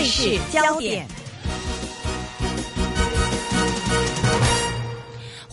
匯市焦點。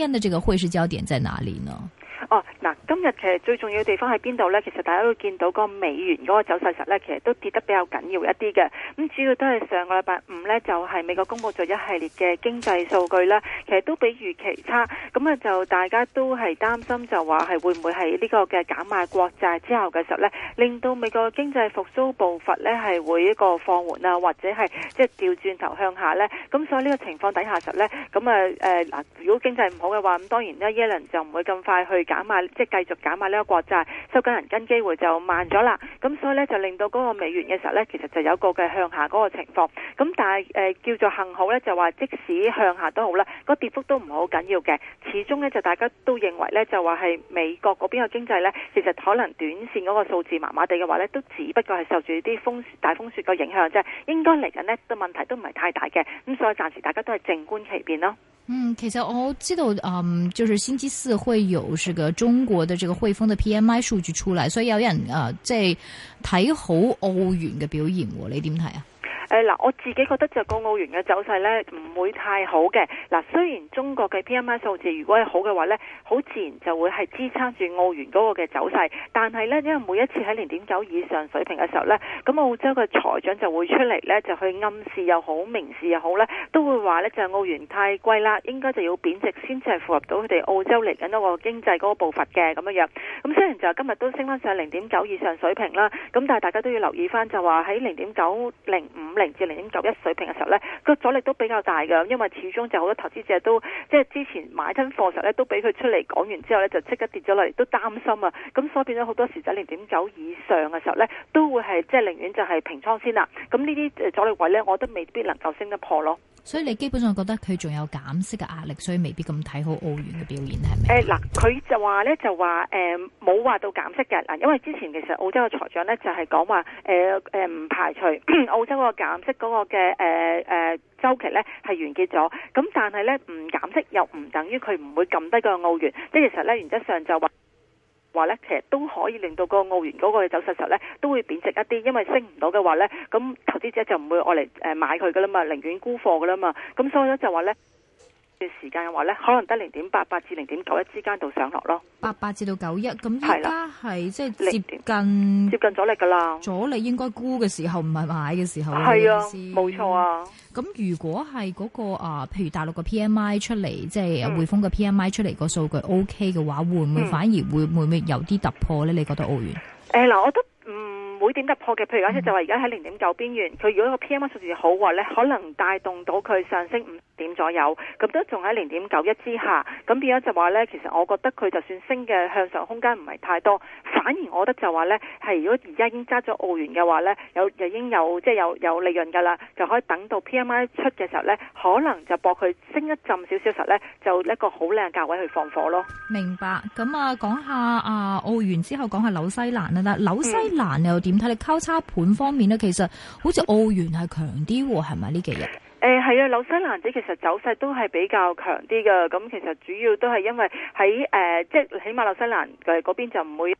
今天的這個匯市焦點在哪裏呢？哦。Oh. 嗱，今日其實最重要嘅地方喺邊度呢？其實大家都見到個美元嗰個走勢實呢，其實都跌得比較緊要一啲嘅。咁主要都係上個禮拜五呢，就係美國公佈咗一系列嘅經濟數據啦。其實都比預期差，咁啊就大家都係擔心就話係會唔會係呢個嘅減買國債之後嘅時候呢，令到美國經濟復甦步伐呢係會一個放緩啊，或者係即係調轉頭向下呢。咁所以呢個情況底下實呢，咁啊誒嗱，如果經濟唔好嘅話，咁當然呢，耶倫就唔會咁快去減買。即係繼續減慢呢個國債收緊銀根機會就慢咗啦，咁所以呢，就令到嗰個美元嘅時候呢，其實就有個嘅向下嗰個情況。咁但係誒、呃、叫做幸好呢，就話即使向下都好啦，個跌幅都唔係好緊要嘅。始終呢，就大家都認為呢，就話係美國嗰邊嘅經濟呢，其實可能短線嗰個數字麻麻地嘅話呢，都只不過係受住啲風大風雪嘅影響啫。應該嚟緊呢，都問題都唔係太大嘅，咁所以暫時大家都係靜觀其變咯。嗯，其實我知道，嗯，就是星期四會有是個中。中國的這個匯豐的 PMI 數據出來，所以有人啊，即係睇好澳元嘅表現，你點睇啊？誒嗱、哎，我自己覺得就個澳元嘅走勢呢唔會太好嘅。嗱，雖然中國嘅 PMI 數字如果係好嘅話呢，好自然就會係支撐住澳元嗰個嘅走勢。但係呢，因為每一次喺零點九以上水平嘅時候呢，咁澳洲嘅財長就會出嚟呢，就去暗示又好，明示又好呢，都會話呢，就係、澳元太貴啦，應該就要貶值先至係符合到佢哋澳洲嚟緊嗰個經濟嗰個步伐嘅咁樣樣。咁雖然就今日都升返上零點九以上水平啦，咁但係大家都要留意返就話喺零點九零五。零至零點九一水平嘅時候呢，個阻力都比較大嘅，因為始終就好多投資者都即係、就是、之前買緊貨實呢，都俾佢出嚟講完之後呢，就即刻跌咗落嚟，都擔心啊。咁所以變咗好多時，就零點九以上嘅時候呢，都會係即係寧願就係、是、平倉先啦。咁呢啲阻力位呢，我都未必能夠升得破咯。所以你基本上覺得佢仲有減息嘅壓力，所以未必咁睇好澳元嘅表現，係咪？誒嗱、呃，佢就話咧，就話誒冇話到減息嘅，嗱，因為之前其實澳洲嘅財長咧就係講話誒誒唔排除澳洲的減、那個減息嗰個嘅誒誒週期咧係完結咗，咁但係咧唔減息又唔等於佢唔會咁低個澳元，即係其實咧原則上就話。話咧，其實都可以令到個澳元嗰個走勢時候咧，都會貶值一啲，因為升唔到嘅話咧，咁投資者就唔會愛嚟誒買佢噶啦嘛，寧願沽貨噶啦嘛，咁所以咧就話咧。段時間嘅話咧，可能得零點八八至零點九一之間度上落咯，八八至到九一咁而家係即係接近 0. 接近阻力噶啦，阻力應該沽嘅時候，唔係買嘅時候係的啊，冇錯啊。咁如果係嗰，那個啊，譬如大陸個 P M I 出嚟，即係，嗯、匯豐嘅 P M I 出嚟個數據 O K 嘅話，會唔會反而會，嗯、會唔會有啲突破咧？你覺得澳元？誒嗱，欸，我覺得唔會點突破嘅。譬如講，即就話而家喺零點九邊緣，佢如果個 P M I 數字好話咧，可能帶動到佢上升五。點左右，咁都仲喺零點九一之下，咁變咗就話呢，其實我覺得佢就算升嘅向上空間唔係太多，反而我覺得就話呢，係如果而家已經揸咗澳元嘅話呢，有又已經有即係有有利潤噶啦，就可以等到 P M I 出嘅時候呢，可能就博佢升一浸少少實呢，就一個好靚價位去放火咯。明白，咁啊講下啊澳元之後講下紐西蘭啦，紐西蘭又點睇？、嗯、你，你交叉盤方面呢，其實好似澳元係強啲，係咪呢幾日？誒，係、哎、啊，紐西蘭仔其實走勢都係比較強啲嘅。咁其實主要都係因為喺誒、呃，即係起碼紐西蘭嘅嗰邊就唔會。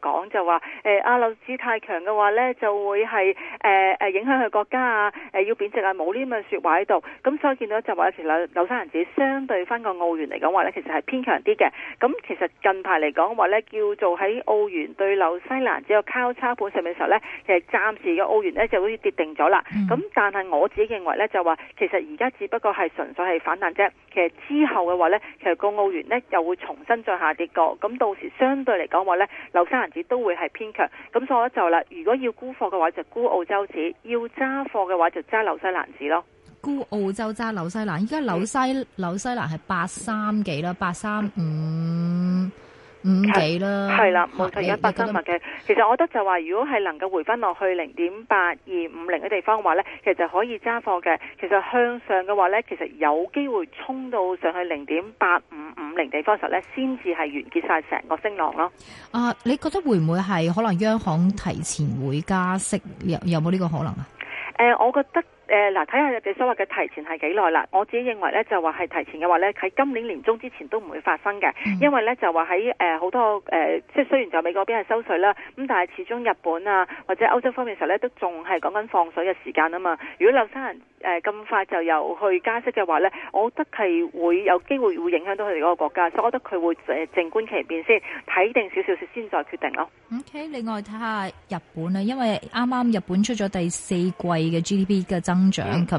講就話，誒，阿紐紙太強嘅話咧，就會係誒誒影響佢國家啊，誒、呃、要貶值啊，冇呢咁嘅說話喺度。咁所以見到就話，其實紐紐西蘭紙相對翻個澳元嚟講話咧，其實係偏強啲嘅。咁其實近排嚟講話咧，叫做喺澳元對紐西蘭紙嘅交叉盤上面嘅時候咧，其實暫時嘅澳元咧就好似跌定咗啦。咁、嗯、但係我自己認為咧，就話其實而家只不過係純粹係反彈啫。其實之後嘅話咧，其實個澳元咧又會重新再下跌過。咁到時相對嚟講話咧，紐西蘭都會係偏強，咁所以咧就啦，如果要沽貨嘅話就沽澳洲紙，要揸貨嘅話就揸紐西蘭紙咯。沽澳洲揸紐西蘭，依家紐西紐西蘭係八三幾啦，八三五。五幾啦？係啦，冇錯，而家百金物嘅。啊、其實我覺得就話，如果係能夠回返落去零點八二五零嘅地方嘅話咧，其實就可以揸貨嘅。其實向上嘅話咧，其實有機會衝到上去零點八五五零地方嘅時候咧，先至係完結晒成個升浪咯。啊，你覺得會唔會係可能央行提前會加息？有有冇呢個可能啊？誒、呃，我覺得。誒嗱，睇下你哋所謂嘅提前係幾耐啦。我自己認為咧，就話係提前嘅話咧，喺今年年中之前都唔會發生嘅，因為咧就話喺誒好多誒，即、呃、係雖然就美國嗰邊係收水啦，咁但係始終日本啊或者歐洲方面時候咧都仲係講緊放水嘅時間啊嘛。如果劉生誒咁、呃、快就又去加息嘅話咧，我覺得係會有機會會影響到佢哋嗰個國家。所以我覺得佢會誒靜觀其變先，睇定少少先再決定咯。OK，另外睇下日本啊，因為啱啱日本出咗第四季嘅 GDP 嘅增增長咁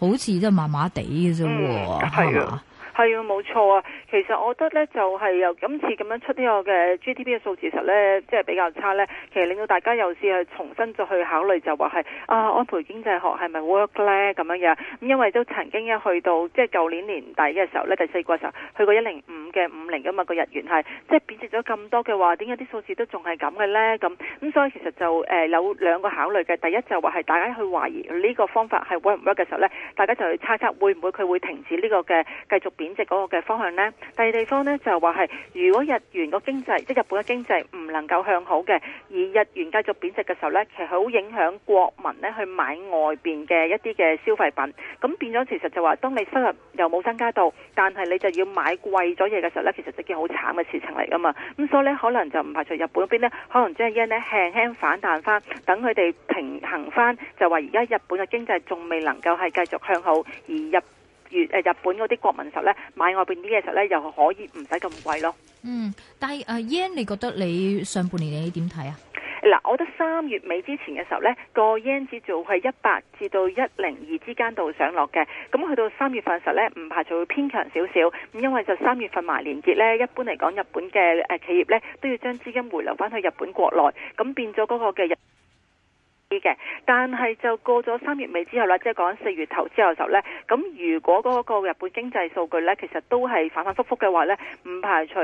好似都麻麻地嘅啫喎，係啊，係啊、嗯，冇錯啊。其實我覺得咧，就係由今次咁樣出呢個嘅 GDP 嘅數字，其實咧即係比較差咧。其實令到大家又試去重新再去考慮，就是，就話係啊，安倍經濟學係咪 work 咧咁樣嘅？咁因為都曾經一去到即係舊年年底嘅時候咧，第四季嘅時候去過一零五。嘅五零噶嘛，個日元係即係貶值咗咁多嘅話，點解啲數字都仲係咁嘅咧？咁咁所以其實就誒有兩個考慮嘅，第一就話係大家去懷疑呢個方法係 work 唔 work 嘅時候咧，大家就去猜測會唔會佢會停止呢個嘅繼續貶值嗰個嘅方向咧。第二地方咧就話係如果日元個經濟即係日本嘅經濟唔能夠向好嘅，而日元繼續貶值嘅時候咧，其實好影響國民咧去買外邊嘅一啲嘅消費品。咁變咗其實就話，當你收入又冇增加到，但係你就要買貴咗嘢，嘅時候咧，其實就件好慘嘅事情嚟噶嘛，咁所以咧可能就唔排除日本嗰邊咧，可能將阿 yen 咧輕輕反彈翻，等佢哋平衡翻，就話而家日本嘅經濟仲未能夠係繼續向好，而日越誒日本嗰啲國民實咧買外邊啲嘅時候咧，又可以唔使咁貴咯。嗯，但係誒 yen，你覺得你上半年你點睇啊？嗱，我覺得三月尾之前嘅時候呢個 Yen 指數係一百至到一零二之間度上落嘅。咁去到三月份嘅時候呢，唔排除會偏強少少。咁因為就三月份埋年結呢，一般嚟講，日本嘅企業呢都要將資金回流翻去日本國內，咁變咗嗰個嘅日嘅。但係就過咗三月尾之後啦，即係講四月頭之後嘅時候呢，咁如果嗰個日本經濟數據呢，其實都係反反復復嘅話呢，唔排除。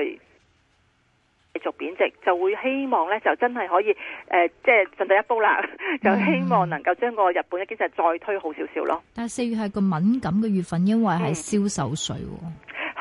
繼續貶值，就會希望咧，就真係可以誒、呃，即係進第一步啦，就希望能夠將個日本嘅經濟再推好少少咯。但係四月係個敏感嘅月份，因為係銷售稅。嗯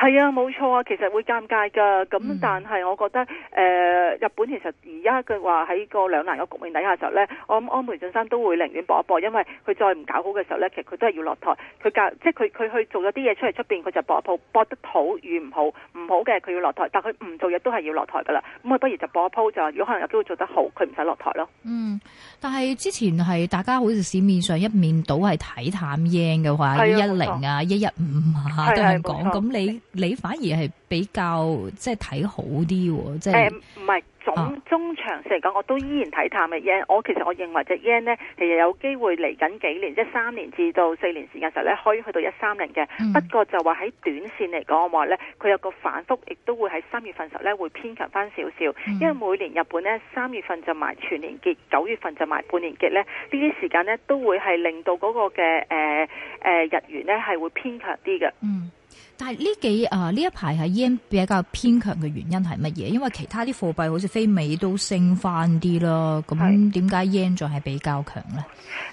係啊，冇錯啊，其實會尷尬噶。咁但係我覺得，誒、嗯呃、日本其實而家嘅話喺個兩難嘅局面底下嘅時候呢，我諗安倍晉三都會寧願搏一搏，因為佢再唔搞好嘅時候呢，其實佢都係要落台。佢搞即係佢佢去做咗啲嘢出嚟出邊，佢就搏一鋪，搏得好與唔好，唔好嘅佢要落台。但佢唔做嘢都係要落台㗎啦。咁我不如就搏一鋪，就話如果可能有機會做得好，佢唔使落台咯。嗯，但係之前係大家好似市面上一面倒係睇淡 yen 嘅話，的一一零啊，錯一一五啊都係講。咁的你？你反而係比較即係睇好啲喎，即係誒唔係總中長線嚟講，我都依然睇淡嘅 yen。我其實我認為隻 yen 咧，其實有機會嚟緊幾年，即係三年至到四年時間時候呢，可以去到一三零嘅。嗯、不過就話喺短線嚟講，我話呢，佢有個反覆，亦都會喺三月份時候呢會偏強翻少少。嗯、因為每年日本呢，三月份就埋全年結，九月份就埋半年結呢，呢啲時間呢，都會係令到嗰個嘅誒誒日元呢係會偏強啲嘅。嗯。但係呢幾啊呢一排係 yen 比較偏強嘅原因係乜嘢？因為其他啲貨幣好似非美都升翻啲啦，咁點解 yen 仲係比較強呢？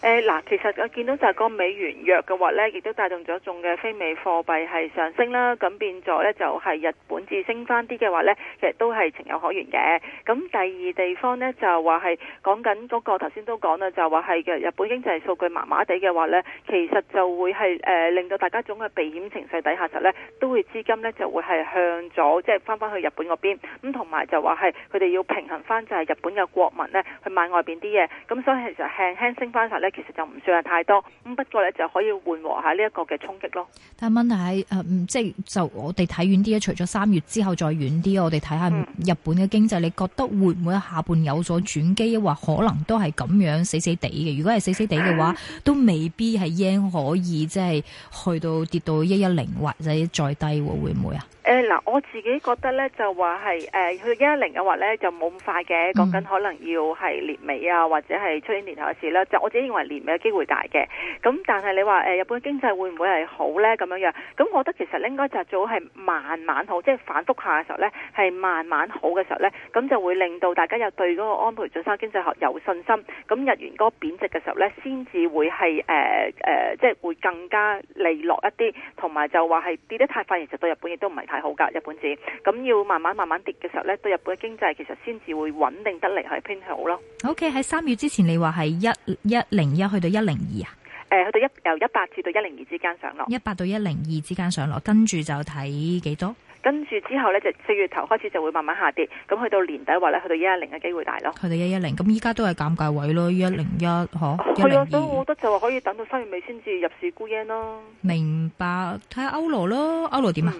誒嗱、呃，其實我見到就係個美元弱嘅話咧，亦都帶動咗一眾嘅非美貨幣係上升啦。咁變咗咧就係日本至升翻啲嘅話咧，其實都係情有可原嘅。咁第二地方咧就話係講緊嗰個頭先都講啦，就話係嘅日本經濟數據麻麻地嘅話咧，其實就會係誒、呃、令到大家一種嘅避險情緒底下實咧。都會資金咧就會係向咗即係翻翻去日本嗰邊，咁同埋就話係佢哋要平衡翻，就係日本嘅國民咧去買外邊啲嘢，咁、嗯、所以其實輕輕升翻曬咧，其實就唔算係太多，咁不過咧就可以緩和下呢一個嘅衝擊咯。但問題係誒、呃，即係就我哋睇遠啲啊，除咗三月之後再遠啲，我哋睇下日本嘅經濟，嗯、你覺得會唔會下半有所轉機，或可能都係咁樣死死地嘅？如果係死死地嘅話， 都未必係已經可以即係、就是、去到跌到一一零或者、就。是再低會會唔會啊？嗱、哎，我自己覺得咧就、呃、1, 話係誒去一零嘅話咧就冇咁快嘅，講緊、嗯、可能要係年尾啊，或者係出年年頭嘅事啦。就我自己認為年尾嘅機會大嘅。咁但係你話、呃、日本經濟會唔會係好咧咁樣樣？咁我覺得其實應該就最好係慢慢好，即、就、係、是、反覆下嘅時候咧，係慢慢好嘅時候咧，咁就會令到大家又對嗰個安倍晉三經濟學有信心。咁日元嗰個貶值嘅時候咧，先至會係誒、呃呃、即係會更加利落一啲，同埋就話係跌得太快，其實對日本亦都唔係太好㗎，日本紙咁要慢慢慢慢跌嘅時候咧，對日本嘅經濟其實先至會穩定得嚟，係偏好咯。OK，喺三月之前，你話係一一零一去到一零二啊？誒，去到一由一百至到一零二之間上落，一百到一零二之間上落，跟住，就睇幾多。跟住之後咧，就四月頭開始就會慢慢下跌。咁去到年底話咧，去到一一零嘅機會大咯。去到一一零，咁依家都係減價位咯，一零一，嚇一零二。係啊，所以我覺得就話可以等到三月尾先至入市沽英咯。明白，睇下歐羅咯，歐羅點啊？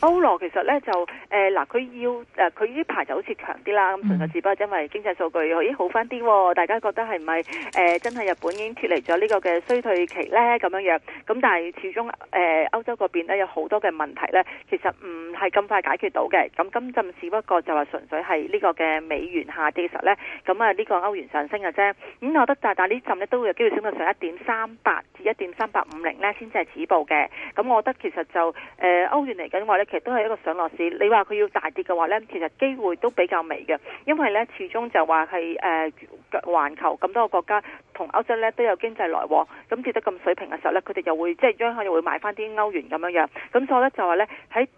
歐羅、嗯、其實咧就誒嗱，佢、呃、要誒佢呢排就好似強啲啦。咁其實只不過因為經濟數據咦好翻啲、哦，嗯、大家覺得係咪誒真係日本已經脫離咗呢個嘅衰退期咧？咁樣樣咁，但係始終誒歐洲嗰邊咧有好多嘅問題咧，其實唔。嗯係咁快解決到嘅，咁今陣只不過就係純粹係呢個嘅美元下跌嘅時候呢。咁啊呢個歐元上升嘅啫。咁、嗯、我覺得，但係呢陣呢都會有機會升到上一點三八至一點三八五零呢，先至係止步嘅。咁我覺得其實就誒、呃、歐元嚟緊話呢，其實都係一個上落市。你話佢要大跌嘅話呢，其實機會都比較微嘅，因為呢始終就話係誒環球咁多個國家同歐洲呢都有經濟來往，咁、嗯、跌得咁水平嘅時候呢，佢哋又會即係央行又會買翻啲歐元咁樣樣，咁所以就話呢，就話呢。喺。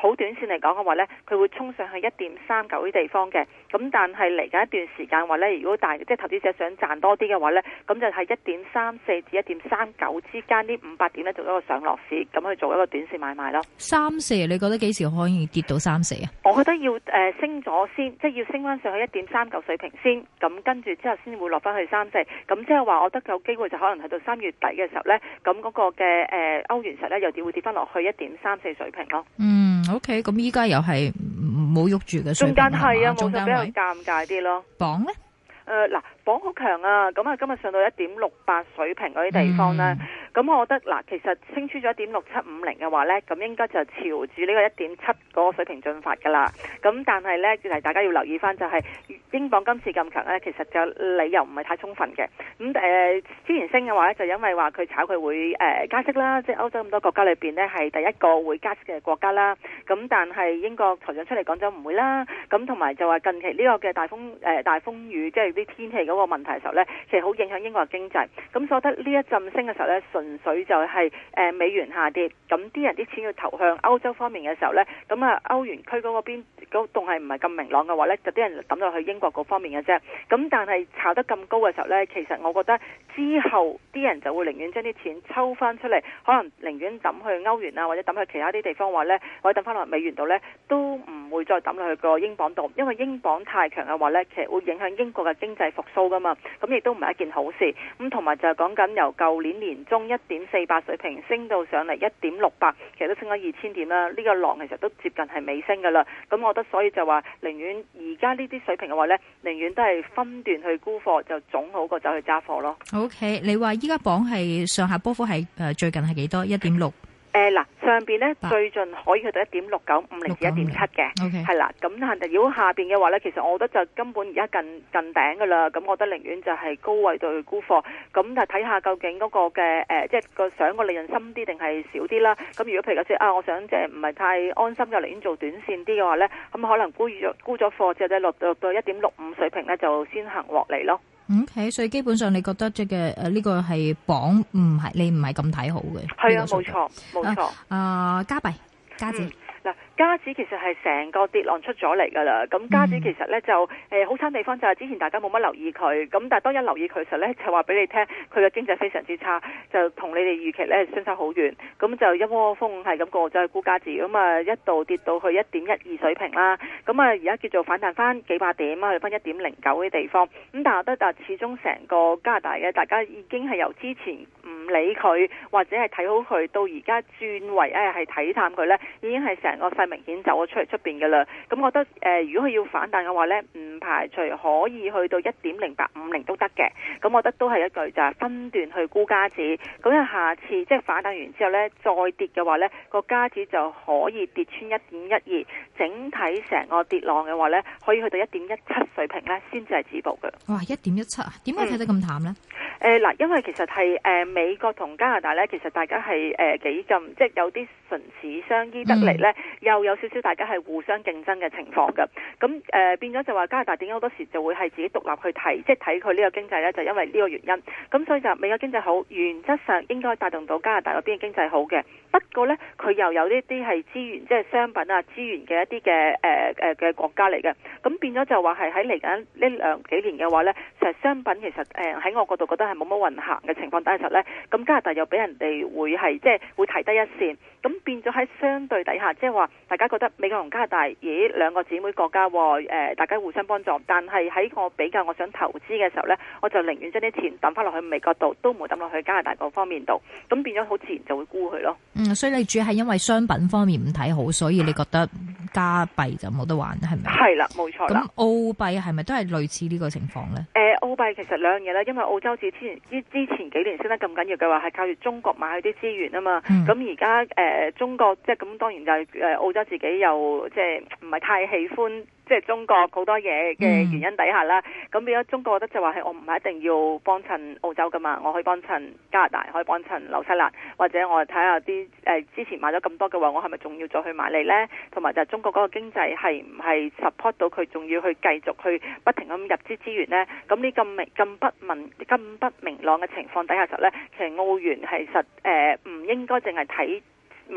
好短線嚟講嘅話呢，佢會衝上去一點三九啲地方嘅。咁但係嚟緊一段時間話咧，如果大即係投資者想賺多啲嘅話咧，咁就係一點三四至一點三九之間點呢五百點咧做一個上落市，咁去做一個短線買賣咯。三四，你覺得幾時可以跌到三四啊？我覺得要、呃、升咗先，即係要升翻上去一點三九水平先，咁跟住之後先會落翻去三四。咁即係話，我覺得有機會就可能係到三月底嘅時候咧，咁嗰個嘅誒、呃、歐元實咧又跌會跌翻落去一點三四水平咯。嗯，OK，咁依家又係冇喐住嘅，嗯、中間係啊，冇尷尬啲咯，綁咧？誒嗱。鎊好強啊！咁啊，今日上到一點六八水平嗰啲地方啦。咁、嗯、我覺得嗱，其實升出咗一點六七五零嘅話呢，咁應該就朝住呢個一點七個水平進發㗎啦。咁但係呢，大家要留意翻，就係英鎊今次咁強呢，其實就理由唔係太充分嘅。咁誒、呃，之前升嘅話呢，就因為話佢炒佢會、呃、加息啦，即、就、係、是、歐洲咁多國家裏面呢，係第一個會加息嘅國家啦。咁但係英國財長出嚟講咗唔會啦。咁同埋就話近期呢個嘅大風、呃、大風雨，即係啲天氣嗰個問題嘅時候呢，其實好影響英國嘅經濟。咁所以我覺得呢一陣升嘅時候呢，純粹就係、是、誒、呃、美元下跌，咁啲人啲錢要投向歐洲方面嘅時候呢，咁啊歐元區嗰個邊都仲係唔係咁明朗嘅話呢，就啲人抌落去英國嗰方面嘅啫。咁但係炒得咁高嘅時候呢，其實我覺得之後啲人就會寧願將啲錢抽翻出嚟，可能寧願抌去歐元啊，或者抌去其他啲地方話呢，或者抌翻落美元度呢都。會再抌落去個英鎊度，因為英鎊太強嘅話呢，其實會影響英國嘅經濟復甦噶嘛，咁亦都唔係一件好事。咁同埋就係講緊由舊年年中一點四八水平升到上嚟一點六八，其實都升咗二千點啦。呢個浪其實都接近係尾聲噶啦。咁我覺得所以就話寧願而家呢啲水平嘅話呢，寧願都係分段去沽貨，就總好過走去揸貨咯。OK，你話依家鎊係上下波幅係誒最近係幾多？一點六。誒，嗱、呃、上邊咧 8. 最盡可以去到一點六九五零至一點七嘅，係啦 okay.。咁但如果下邊嘅話咧，其實我覺得就根本而家近近頂噶啦。咁我覺得寧願就係高位做沽貨，咁啊睇下究竟嗰個嘅誒、呃，即係個想個利潤深啲定係少啲啦。咁如果譬如講即啊，我想即係唔係太安心就寧願做短線啲嘅話咧，咁可能沽咗沽咗貨之後落落到一點六五水平咧就先行落嚟咯。O.K.，所以基本上你覺得即係誒呢個係榜唔係你唔係咁睇好嘅？係啊的，冇錯。冇錯啊，加幣、uh, 錯、加、uh, 姐，姐，嗱、嗯。加指其實係成個跌浪出咗嚟㗎啦，咁加指其實呢，就誒好慘地方就係、是、之前大家冇乜留意佢，咁但係當一留意佢實呢，就話俾你聽，佢嘅經濟非常之差，就同你哋預期呢相差好遠，咁就一窩蜂係咁過咗去沽加指，咁、就、啊、是、一度跌到去一點一二水平啦，咁啊而家叫做反彈返幾百點啊，去返一點零九嘅地方，咁但係我覺得但係始終成個加拿大嘅大家已經係由之前唔理佢或者係睇好佢，到而家轉為誒係睇淡佢呢，已經係成個。明顯走咗出嚟出面嘅啦，咁我覺得誒、呃，如果佢要反彈嘅話呢，唔排除可以去到一點零八五零都得嘅，咁我覺得都係一句就係分段去沽加紙，咁啊，下次即係反彈完之後呢，再跌嘅話呢，個加紙就可以跌穿一點一二，整體成個跌浪嘅話呢，可以去到一點一七水平呢，先至係止步嘅。哇！一點一七啊，點解睇得咁淡呢？誒嗱、嗯呃，因為其實係誒、呃、美國同加拿大呢，其實大家係誒、呃、幾近，即係有啲唇齒相依得嚟呢。嗯又有少少大家係互相競爭嘅情況㗎，咁誒、呃、變咗就話加拿大點解好多時就會係自己獨立去睇，即係睇佢呢個經濟呢？就因為呢個原因。咁所以就美國經濟好，原則上應該帶動到加拿大嗰邊嘅經濟好嘅。不過呢，佢又有呢啲係資源，即係商品啊資源嘅一啲嘅誒誒嘅國家嚟嘅。咁變咗就話係喺嚟緊呢兩幾年嘅話呢，其實商品其實喺、呃、我角度覺得係冇乜運行嘅情況底下呢，咁加拿大又俾人哋會係即係會提低一線，咁變咗喺相對底下，即係話。大家覺得美國同加拿大，咦兩個姊妹國家喎？呃，大家互相幫助，但係喺我比較我想投資嘅時候呢，我就寧願將啲錢抌翻落去美國度，都唔會抌落去加拿大嗰方面度，咁變咗好自然就會沽佢咯。嗯，所以你主要係因為商品方面唔睇好，所以你覺得。加幣就冇得玩，係咪？係啦，冇錯。咁澳幣係咪都係類似呢個情況咧？誒，澳幣其實兩樣嘢咧，因為澳洲自之之之前幾年先得咁緊要嘅話，係靠住中國買啲資源啊嘛。咁而家誒中國即係咁，當然就係誒澳洲自己又即係唔係太喜歡。即係中國好多嘢嘅原因底下啦，咁變咗中國覺得就話係我唔係一定要幫襯澳洲噶嘛，我可以幫襯加拿大，可以幫襯紐西蘭，或者我睇下啲誒之前買咗咁多嘅話，我係咪仲要再去買嚟呢？同埋就中國嗰個經濟係唔係 support 到佢仲要去繼續去不停咁入資資源呢？咁呢咁明咁不明咁不，不明朗嘅情況底下實咧，其實澳元係實誒唔、呃、應該淨係睇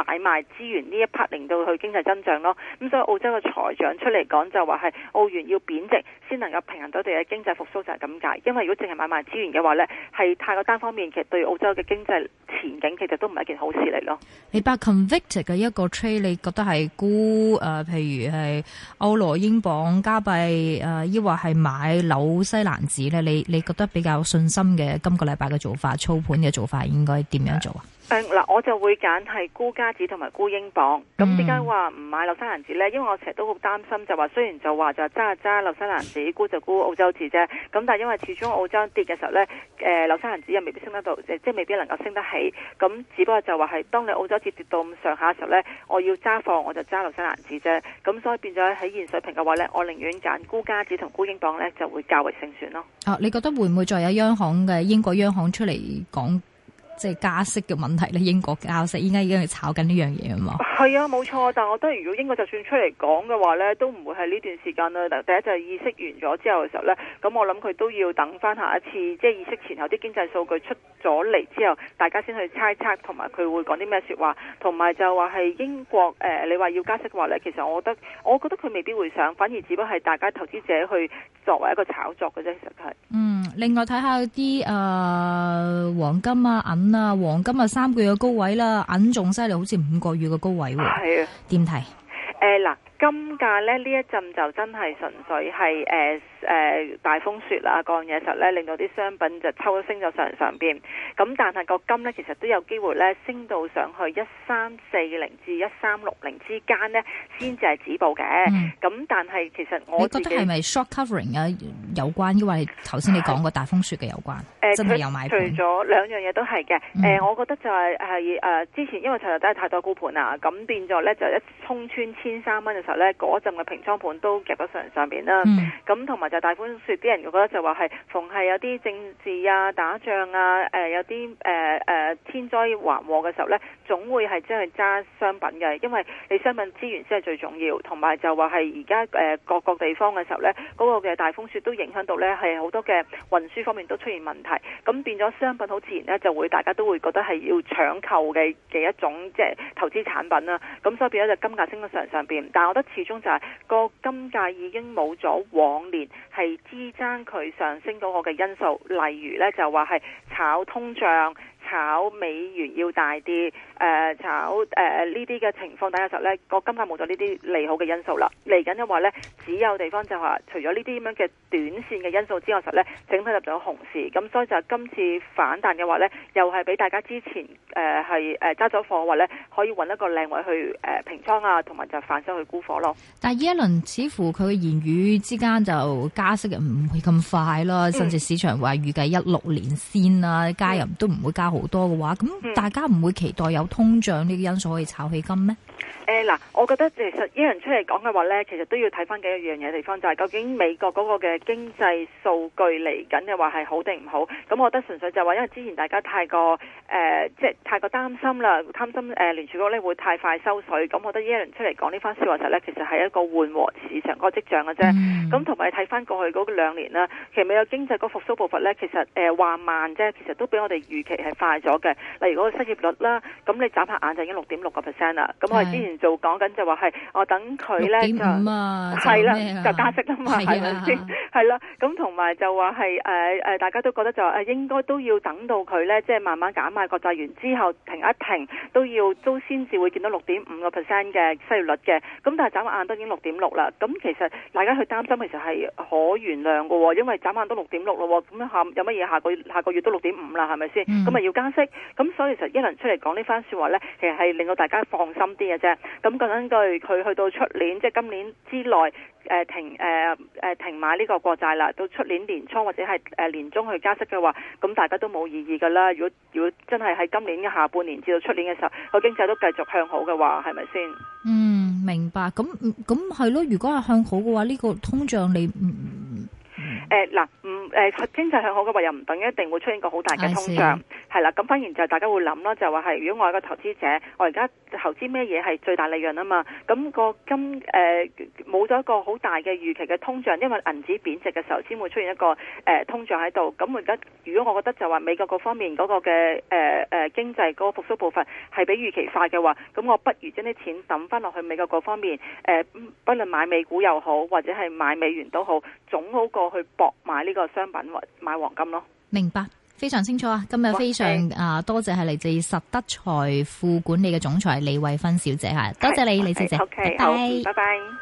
買賣資源呢一 part 令到佢經濟增長咯，咁所以澳洲嘅財長出嚟講就話係澳元要貶值先能夠平衡到佢嘅經濟復甦，就係咁解，因為如果淨係買賣資源嘅話呢，係太過單方面，其實對澳洲嘅經濟前景其實都唔係一件好事嚟咯。你把 convicted 嘅一個 trade，你覺得係沽誒、呃，譬如係歐羅英鎊加幣誒，抑、呃、或係買紐西蘭紙呢？你你覺得比較信心嘅今個禮拜嘅做法、操盤嘅做法應該點樣做啊？誒嗱，嗯，我就會揀係沽加紙同埋沽英鎊。咁點解話唔買紐西蘭紙呢？因為我成日都好擔心就，就話雖然就話就揸一揸紐西蘭紙沽就沽澳洲紙啫。咁但係因為始終澳洲跌嘅時候呢，誒紐西蘭紙又未必升得到，即係未必能夠升得起。咁只不過就話係當你澳洲跌跌到咁上下嘅時候呢，我要揸貨我就揸紐西蘭紙啫。咁所以變咗喺現水平嘅話呢，我寧願揀沽加紙同沽英鎊呢就會較為勝算咯。啊，你覺得會唔會再有央行嘅英國央行出嚟講？即係加息嘅問題咧，英國加息依家已經係炒緊呢樣嘢啊嘛。係啊，冇錯。但係我覺得，如果英國就算出嚟講嘅話咧，都唔會係呢段時間啦。第一就係意識完咗之後嘅時候咧，咁我諗佢都要等翻下一次，即係意識前後啲經濟數據出咗嚟之後，大家先去猜測，同埋佢會講啲咩說話，同埋就話係英國、呃、你話要加息嘅話咧，其實我覺得，我覺得佢未必會想，反而只不過係大家投資者去作為一個炒作嘅啫，其實係。嗯另外睇下啲誒、黃金啊銀啊黃金啊三個月嘅高位啦銀仲犀利，好似五個月嘅高位喎。係啊，點睇啊？誒嗱，金價咧呢一陣就真係純粹係誒。呃誒、呃、大風雪啊，嗰樣嘢時候咧，令到啲商品就抽咗升咗上上邊。咁但係個金咧，其實都有機會咧升到上去一三四零至一三六零之間咧，先至係止步嘅。咁、嗯、但係其實我覺得係咪 short covering 啊有關？因為頭先你講過大風雪嘅有關，啊呃、真係有買盤。除咗兩樣嘢都係嘅。誒、嗯呃，我覺得就係係誒之前，因為其實都係太多沽盤啦。咁變咗咧，就一衝穿千三蚊嘅時候咧，嗰陣嘅平倉盤都夾咗上上邊啦。咁同埋大風雪，啲人覺得就話係逢係有啲政治啊、打仗啊、誒、呃、有啲誒誒天災橫禍嘅時候呢，總會係真係揸商品嘅，因為你商品資源先係最重要，同埋就話係而家誒各個地方嘅時候呢，嗰、那個嘅大風雪都影響到呢係好多嘅運輸方面都出現問題，咁變咗商品好自然呢就會大家都會覺得係要搶購嘅嘅一種即係、就是、投資產品啦、啊。咁所以變咗就金價升得上來上邊，但係我覺得始終就係個金價已經冇咗往年。係支撐佢上升到我嘅因素，例如咧就話係炒通脹。炒美元要大啲，炒誒呢啲嘅情況底下時候呢個金價冇咗呢啲利好嘅因素啦。嚟緊嘅話呢只有地方就係話，除咗呢啲咁樣嘅短線嘅因素之外時候呢，實呢整體入咗熊市，咁所以就今次反彈嘅話呢又係俾大家之前誒係揸咗貨嘅話呢可以揾一個靚位去平倉啊，同埋就反手去沽貨咯。但係呢一輪似乎佢嘅言語之間就加息唔會咁快咯，甚至市場話預計一六年先啦、啊，加入、嗯、都唔會加。好多嘅話，咁大家唔會期待有通脹呢個因素可以炒起金咩？誒嗱、欸，我覺得其實耶倫出嚟講嘅話咧，其實都要睇翻幾個樣嘢地方，就係、是、究竟美國嗰個嘅經濟數據嚟緊嘅話係好定唔好？咁我覺得純粹就係話，因為之前大家太過誒、呃，即係太過擔心啦，擔心誒聯儲局咧會太快收水，咁我覺得耶倫出嚟講呢番說話，其實咧其實係一個緩和市場嗰個跡象嘅啫。咁同埋睇翻過去嗰兩年啦，其實美國經濟個復蘇步伐咧，其實誒話、呃、慢啫，其實都比我哋預期係快咗嘅。例如嗰個失業率啦，咁你眨下眼就已經六點六個 percent 啦。咁我。那就是之前、哦啊、就講緊就話係、啊，我等佢咧就係啦，就加息啦嘛，係咪先？係啦吧，咁同埋就話係誒誒，大家都覺得就誒、呃、應該都要等到佢咧，即、就、係、是、慢慢減買國債完之後停一停，都要都先至會見到六點五個 percent 嘅失業率嘅。咁但係眨眼都已經六點六啦。咁其實大家去擔心其實係可原諒嘅喎，因為眨眼都六點六咯喎，咁下有乜嘢下個下個月都六點五啦，係咪先？咁咪、嗯、要加息？咁所以其實一輪出嚟講呢番説話咧，其實係令到大家放心啲嘅。嘅，咁根據佢去到出年，即係今年之內，誒停，誒誒停買呢個國債啦，到出年年初或者係誒年終去加息嘅話，咁大家都冇異議噶啦。如果如果真係喺今年嘅下半年至到出年嘅時候，個經濟都繼續向好嘅話，係咪先？嗯，明白。咁咁係咯，如果係向好嘅話，呢、這個通脹你唔？誒，嗱、嗯，唔、啊，誒、啊，經濟向好嘅話又，又唔等於一定會出現個好大嘅通脹，係啦的，咁反而就大家會諗咯，就話係如果我係個投資者，我而家投資咩嘢係最大利潤啊嘛？咁、那個金，誒、呃，冇咗一個好大嘅預期嘅通脹，因為銀紙貶值嘅時候先會出現一個誒、呃、通脹喺度。咁我而家如果我覺得就話美國各方面嗰個嘅，誒，誒，經濟嗰個復蘇部分係比預期快嘅話，咁我不如將啲錢抌翻落去美國各方面，誒、呃，不論買美股又好，或者係買美元都好，總好過。去搏買呢個商品或買黃金咯，明白非常清楚啊！今日非常 Okay. 啊，多謝係嚟自實德財富管理嘅總裁李慧芬小姐吓，多謝你 Okay. 李小姐，Okay. 好，拜拜，拜拜。Bye.